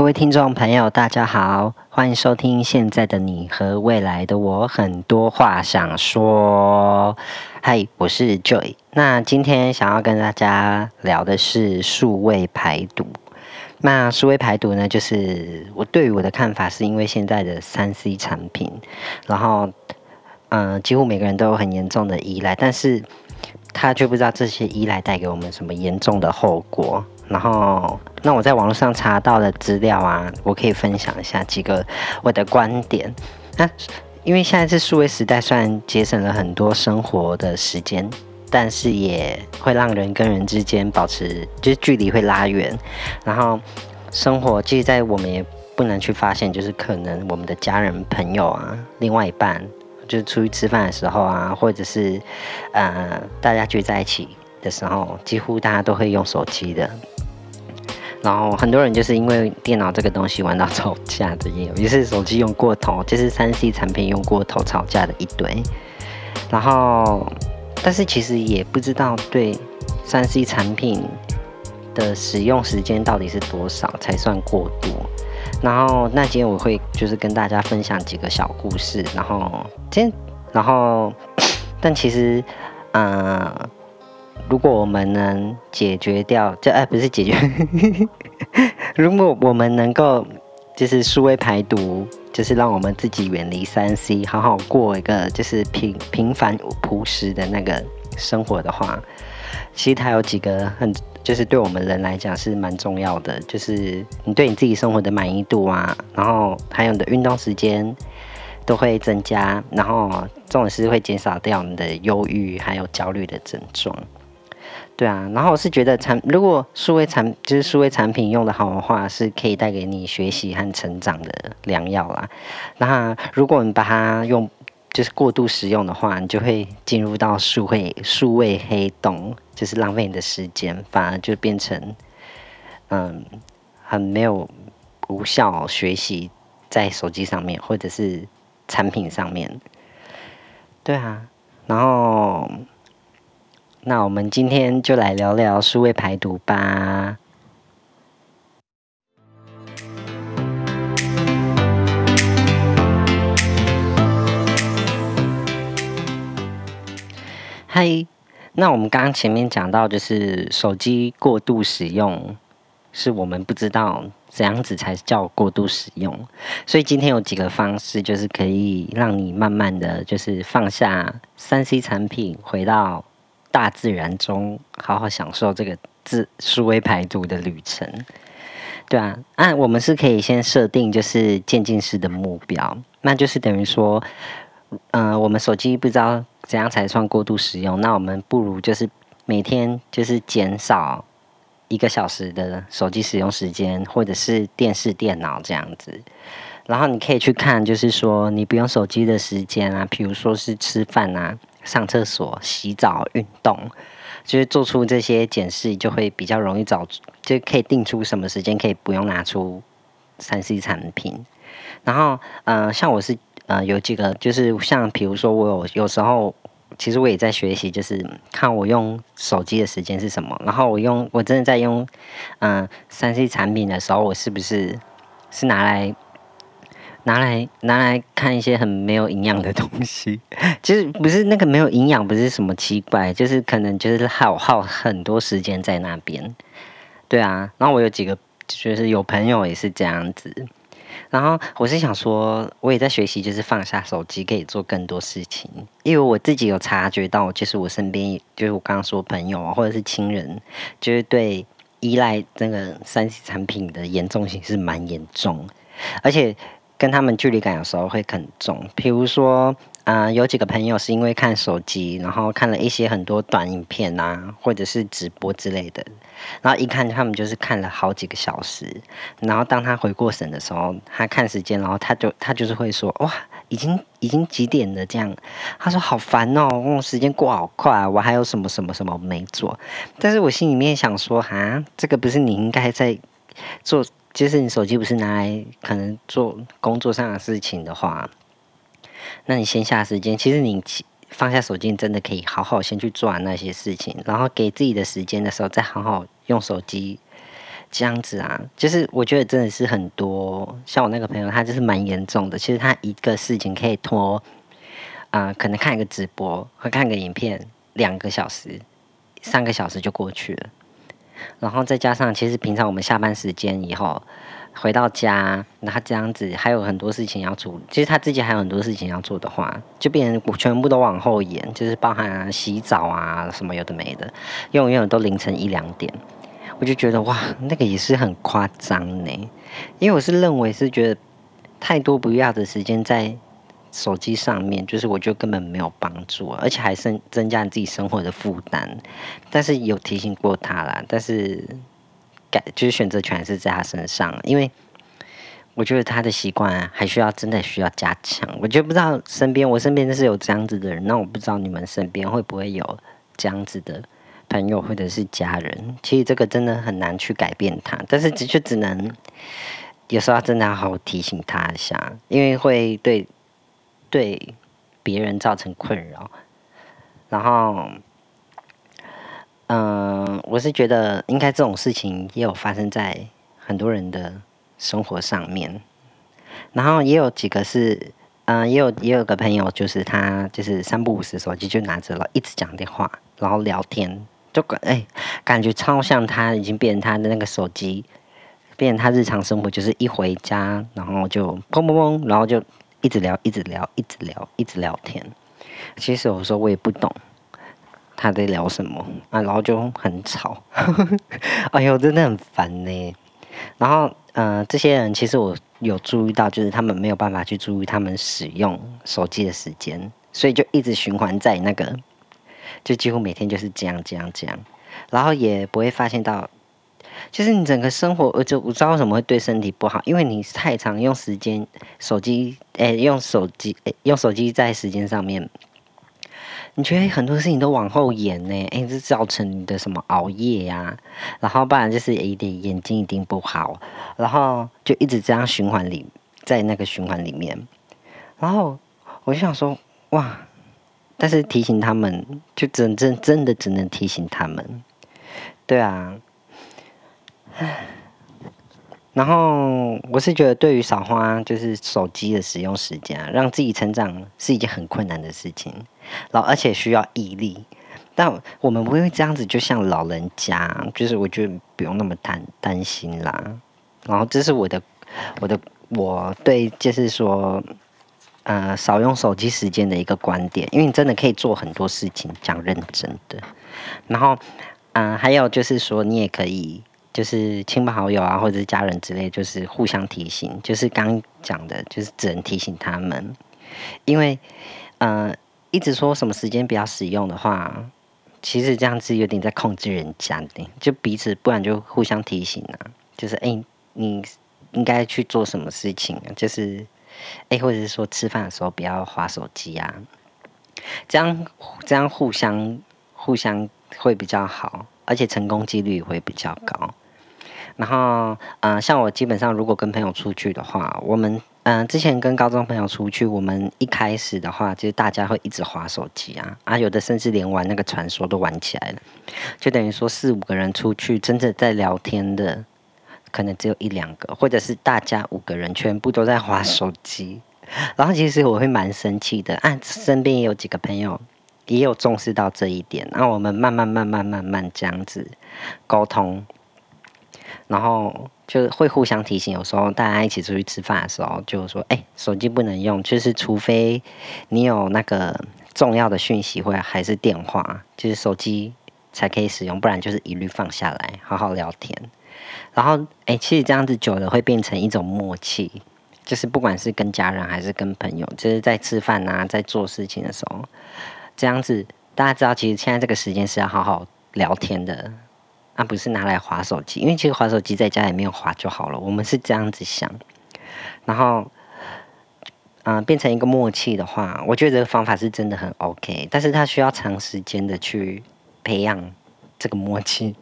各位聽眾朋友，大家好，歡迎收聽《現在的你和未來的我》，很多話想說。嗨，我是 Joy。那今天想要跟大家聊的是數位排毒。那數位排毒呢，就是我對於我的看法，是因為現在的 3C 產品，然後嗯，幾乎每個人都有很嚴重的依賴，但是他卻不知道這些依賴帶給我們什麼嚴重的後果。然後，那我在網絡上查到的資料啊，我可以分享一下幾個我的觀點。那、啊、因為現在是數位時代，雖然節省了很多生活的時間，但是也會讓人跟人之間保持就是距離會拉遠。然後生活，其實在我們也不難去發現，就是可能我們的家人、朋友啊，另外一半，就是出去吃飯的時候啊，或者是呃大家聚在一起的時候，幾乎大家都會用手機的。然後很多人就是因為電腦這個東西玩到吵架的也有，也是手機用過頭，就是三 C 產品用過頭吵架的一堆。然後，但是其實也不知道對三 C 產品的使用時間到底是多少才算過多。然後那今天我會就是跟大家分享幾個小故事。然後，今天然後，但其實，呃。如果我們能解決掉這哎，不是解決呵呵。如果我們能夠就是數位排毒，就是讓我們自己遠離三 C，好好過一個就是平平凡樸實的那個生活的話，其實它有幾個很就是對我們人來講是蠻重要的，就是你對你自己生活的滿意度啊，然後還有你的運動時間都會增加，然後重點是會減少掉我們的憂鬱還有焦慮的症狀。對啊，然後我是覺得產如果數位產就是數位產品用得好的話，是可以帶給你學習和成長的良藥啦。那如果你把它用就是過度使用的話，你就會進入到數位數位黑洞，就是浪費你的時間，反而就變成嗯很沒有無效學習在手機上面或者是產品上面。對啊，然後。那我們今天就來聊聊數位排毒吧。嗨，那我們剛剛前面講到，就是手機過度使用，是我們不知道怎樣子才叫過度使用，所以今天有幾個方式，就是可以讓你慢慢的就是放下三 C 產品，回到。大自然中好好享受這個數位排毒的旅程，對啊，按、啊、我們是可以先設定就是漸進式的目標，那就是等於說，嗯、呃，我們手機不知道怎樣才算過度使用，那我們不如就是每天就是減少一個小時的手機使用時間，或者是電視、電腦這樣子。然後你可以去看，就是說你不用手機的時間啊，譬如說是吃飯啊。上廁所、洗澡、運動，就是做出這些檢視，就會比較容易找，就可以定出什麼時間可以不用拿出三 C 產品。然後，嗯、呃，像我是，呃，有幾個，就是像，比如說，我有有時候，其實我也在學習，就是看我用手機的時間是什麼。然後我用，我真的在用，嗯、呃，三 C 產品的時候，我是不是是拿來？拿來拿來看一些很沒有營養的東西，其實不是那個沒有營養，不是什麼奇怪，就是可能就是耗耗很多時間在那邊。對啊，然後我有幾個就是有朋友也是這樣子，然後我是想說我也在學習，就是放下手機可以做更多事情，因為我自己有察覺到，就是我身邊就是我剛剛說朋友或者是親人，就是對依賴這個三 C 產品的嚴重性是蠻嚴重，而且。跟他們距離感有時候會很重，比如說，啊、呃，有幾個朋友是因為看手機，然後看了一些很多短影片啊，或者是直播之類的，然後一看他們就是看了好幾個小時，然後當他回過神的時候，他看時間，然後他就他就是會說，哇，已經已經幾點了這樣，他說好煩哦，嗯、時間過好快啊，我還有什麼什麼什麼沒做，但是我心裡面想說哈，這個不是你應該在做。就是你手機不是拿來可能做工作上的事情的話，那你閒暇時間，其實你放下手機，你真的可以好好先去做完那些事情，然後給自己的時間的時候，再好好用手機這樣子啊。就是我覺得真的是很多，像我那個朋友，他就是蠻嚴重的。其實他一個事情可以拖，啊、呃，可能看一個直播或看個影片，兩個小時、三個小時就過去了。然後再加上，其實平常我們下班時間以後回到家，那他這樣子還有很多事情要做。其實他自己還有很多事情要做的話，就變成全部都往後延，就是包含、啊、洗澡啊什麼有的沒的，永遠永遠都凌晨一兩點。我就覺得哇，那個也是很誇張呢，因為我是認為是覺得太多不要的時間在手機上面就是，我覺得根本沒有幫助啊，而且還增增加你自己生活的負擔。但是有提醒過他啦，但是改就是選擇權是在他身上，因為我覺得他的習慣啊，還需要真的需要加強。我就不知道身邊，我身邊是有這樣子的人，那我不知道你們身邊會不會有這樣子的朋友或者是家人。其實這個真的很難去改變他，但是的確只能有時候真的要好好提醒他一下，因為會對。對別人造成困擾，然後，嗯、呃，我是覺得應該這種事情也有發生在很多人的生活上面，然後也有幾個是，嗯、呃，也有也有一個朋友，就是他就是三不五時手機就拿着了，一直講電話，然後聊天，就感哎感覺超像他已經變成他的那個手機，變成他日常生活就是一回家然後就砰砰砰，然後就。一直聊，一直聊，一直聊，一直聊天。其實我說我也不懂他在聊什麼啊，然後就很吵，呵呵哎呦，真的很煩呢。然後，嗯、呃，這些人其實我有注意到，就是他們沒有辦法去注意他們使用手機的時間，所以就一直循環在那個，就幾乎每天就是這樣、這樣、這樣，然後也不會發現到。就是你整個生活，我就不知道為什麼會對身體不好，因為你太常用時間手機，誒、欸，用手機、欸，用手機在時間上面，你覺得、欸、很多事情都往後延呢、欸？誒、欸，就造成你的什麼熬夜呀、啊？然後不然就是一、欸、眼睛一定不好，然後就一直這樣循環裡，在那個循環裡面，然後我就想說哇，但是提醒他們，就只能真正真的只能提醒他們，對啊。然後我是覺得，對於少花就是手機的使用時間啊，讓自己成長是一件很困難的事情，然後而且需要毅力。但我們不會這樣子，就像老人家，就是我覺得不用那麼擔擔心啦。然後這是我的我的我對就是說，呃，少用手機時間的一個觀點，因為你真的可以做很多事情，講認真的。然後，嗯、呃，還有就是說，你也可以。就是親朋好友啊，或者是家人之類，就是互相提醒。就是剛剛講的，就是只能提醒他們，因為，呃，一直說什麼時間不要使用的話，其實這樣子有點在控制人家呢。就彼此，不然就互相提醒啊。就是哎、欸，你應該去做什麼事情啊？就是哎、欸，或者是說吃飯的時候不要滑手機啊。這樣這樣互相互相會比較好，而且成功幾率會比較高。然後，嗯、呃，像我基本上如果跟朋友出去的話，我們，嗯、呃，之前跟高中朋友出去，我們一開始的話，就是大家會一直滑手機啊，啊，有的甚至連玩那個傳說都玩起來了，就等於說四五個人出去，真的在聊天的，可能只有一兩個，或者是大家五個人全部都在滑手機。然後其實我會蠻生氣的，啊，身邊也有幾個朋友也有重視到這一點，那我們慢慢慢慢慢慢這樣子溝通。然後就會互相提醒，有時候大家一起出去吃飯的時候，就說：“哎，手機不能用，就是除非你有那個重要的訊息，或者還是電話，就是手機才可以使用，不然就是一律放下來，好好聊天。”然後，哎，其實這樣子久了會變成一種默契，就是不管是跟家人還是跟朋友，就是在吃飯啊，在做事情的時候，這樣子大家知道，其實現在這個時間是要好好聊天的。那、啊、不是拿來滑手機，因為其實滑手機在家裡面滑就好了。我們是這樣子想，然後，嗯、呃，變成一個默契的話，我覺得這個方法是真的很 OK，但是它需要長時間的去培養這個默契，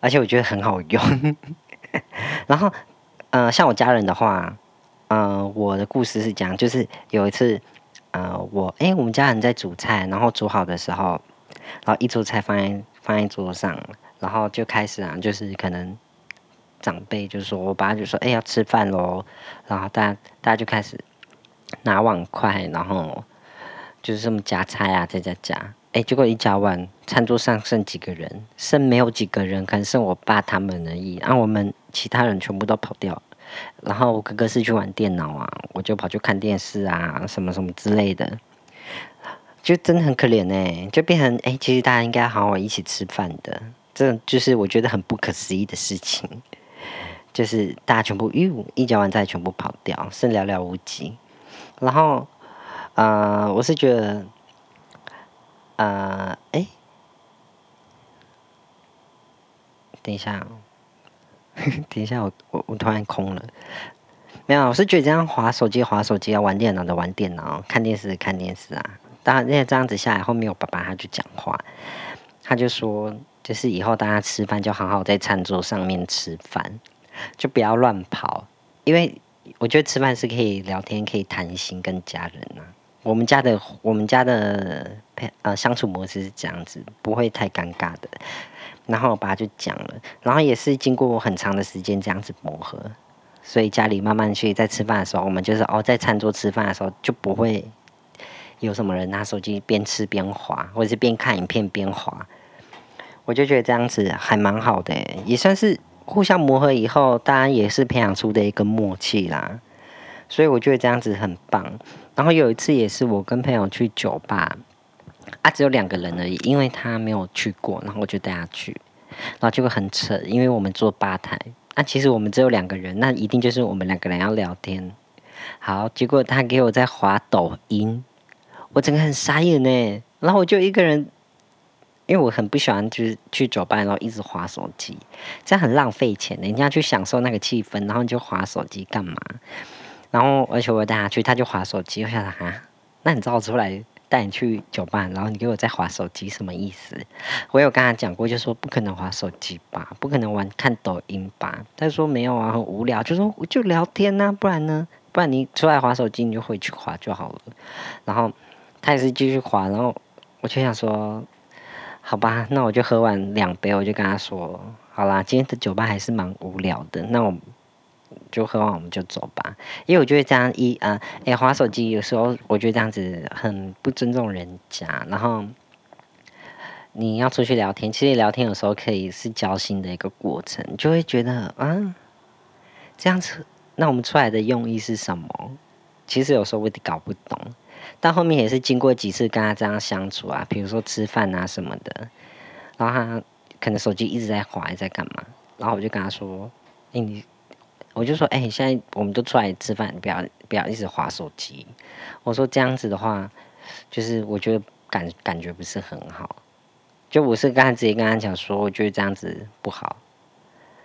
而且我覺得很好用。 然後，嗯、呃，像我家人的話，嗯、呃，我的故事是講，就是有一次，呃，我哎、欸，我們家人在煮菜，然後煮好的時候，然後一桌菜放在放在桌上。然後就開始啊，就是可能長輩就是說我爸就說：“欸，要吃飯咯。”然後大家大家就開始拿碗筷，然後就是這麼夾菜啊，再夾。欸，結果一夾完，餐桌上，剩幾個人，剩沒有幾個人，可能剩我爸他們而已。啊，然後我們其他人全部都跑掉。然後我哥哥是去玩電腦啊，我就跑去看電視啊，什麼什麼之類的，就真的很可憐欸。就變成欸，其實大家應該好好一起吃飯的。這就是我覺得很不可思議的事情，就是大家全部一講完，再全部跑掉，剩寥寥無幾。然後，呃，我是覺得，呃，哎，等一下，呵呵等一下我，我我我突然空了。沒有，我是覺得這樣滑手機滑手機，要玩電腦的玩電腦，看電視看電視啊。但因為這樣子下來，後面我爸爸他就講話，他就說。就是以後大家吃飯就好好在餐桌上面吃飯，就不要亂跑，因為我覺得吃飯是可以聊天、可以談心跟家人啊。我們家的我們家的呃相處模式是這樣子，不會太尷尬的。然後我爸就講了，然後也是經過我很長的時間這樣子磨合，所以家裡慢慢去在吃飯的時候，我們就是哦在餐桌吃飯的時候就不會有什麼人拿手機邊吃邊滑，或者是邊看影片邊滑。我就覺得這樣子還蠻好的、欸，也算是互相磨合以後，當然也是培養出的一個默契啦。所以我覺得這樣子很棒。然後有一次也是我跟朋友去酒吧，啊，只有兩個人而已，因為他沒有去過，然後我就帶他去，然後結果很扯，因為我們坐吧台，那、啊、其實我們只有兩個人，那一定就是我們兩個人要聊天。好，結果他給我在滑抖音，我整個很傻眼呢、欸，然後我就一個人。因為我很不喜歡就是去酒吧然後一直滑手機，這樣很浪費錢。人家去享受那個氣氛，然後你就滑手機幹嘛？然後而且我帶他去，他就滑手機。我想啊，那你知道出來帶你去酒吧，然後你給我再滑手機什麼意思？我有跟他講過就，就說不可能滑手機吧，不可能玩看抖音吧。他說沒有啊，很無聊，就說我就聊天吶、啊，不然呢？不然你出來滑手機，你就回去滑就好了。然後他也是繼續滑，然後我就想說。好吧，那我就喝完兩杯，我就跟他說：“好啦，今天的酒吧還是蠻無聊的，那我，就喝完我們就走吧。”因為我覺得這樣一啊，誒、嗯，滑、欸、手機有時候我覺得這樣子很不尊重人家。然後你要出去聊天，其實聊天有時候可以是交心的一個過程，就會覺得啊、嗯，這樣子，那我們出來的用意是什麼？其實有時候我也搞不懂。到後面也是經過幾次跟他這樣相處啊，比如說吃飯啊什麼的，然後他可能手機一直在滑，在幹嘛，然後我就跟他說：“欸、你……’我就說哎、欸，現在我們都出來吃飯，不要不要一直滑手機。”我說這樣子的話，就是我覺得感感覺不是很好，就我是剛才直接跟他講說，我覺得這樣子不好，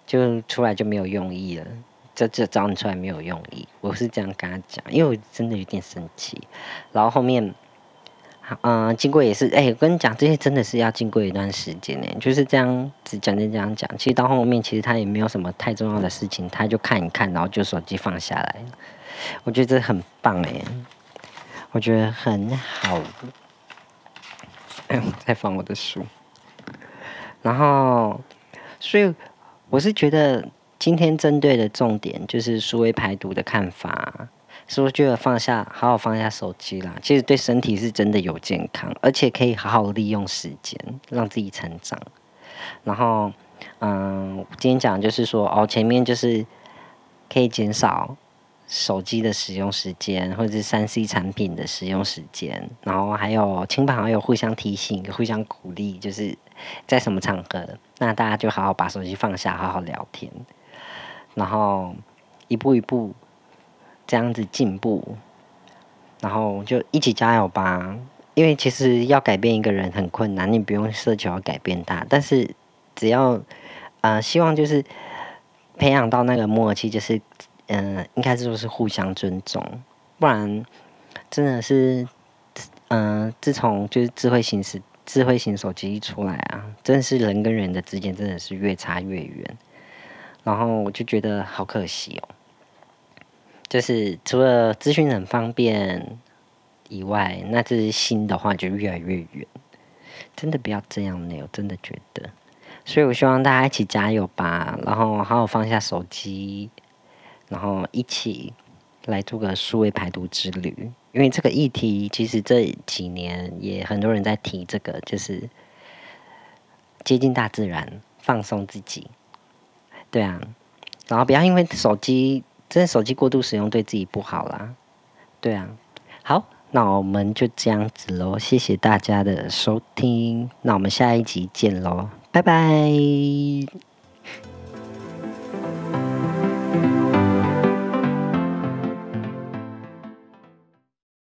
就出來就沒有用意了。這這找你出來沒有用意，我是這樣跟他講，因為我真的有點生氣。然後後面，嗯、呃，經過也是，哎，我跟你講，這些真的是要經過一段時間呢。就是這樣子講，就這樣講。其實到後面，其實他也沒有什麼太重要的事情，他就看一看，然後就手機放下來。我覺得這很棒哎，我覺得很好。哎，再放我的書。然後，所以我是覺得。今天針對的重點就是數位排毒的看法，是不是覺得放下，好好放下手機啦？其實對身體是真的有健康，而且可以好好利用時間，讓自己成長。然後，嗯，我今天講就是說，哦，前面就是可以減少手機的使用時間，或者是三 C 產品的使用時間。然後還有親朋好友互相提醒、互相鼓勵，就是在什麼場合，那大家就好好把手機放下，好好聊天。然後一步一步這樣子進步，然後就一起加油吧。因為其實要改變一個人很困難，你不用奢求要改變他，但是只要呃，希望就是培養到那個默契，就是嗯、呃，應該說就是互相尊重。不然真的是嗯、呃，自從就是智慧型手智慧型手機一出來啊，真的是人跟人的之間真的是越差越遠。然後我就覺得好可惜哦，就是除了資訊很方便以外，那這心的話就越來越遠，真的不要這樣呢，我真的覺得。所以，我希望大家一起加油吧，然後好好放下手機，然後一起來做個數位排毒之旅。因為這個議題，其實這幾年也很多人在提，這個就是接近大自然，放鬆自己。對啊，然後不要因為手機，真的手機過度使用對自己不好啦。對啊，好，那我們就這樣子嘍。謝謝大家的收聽，那我們下一集見嘍，拜拜。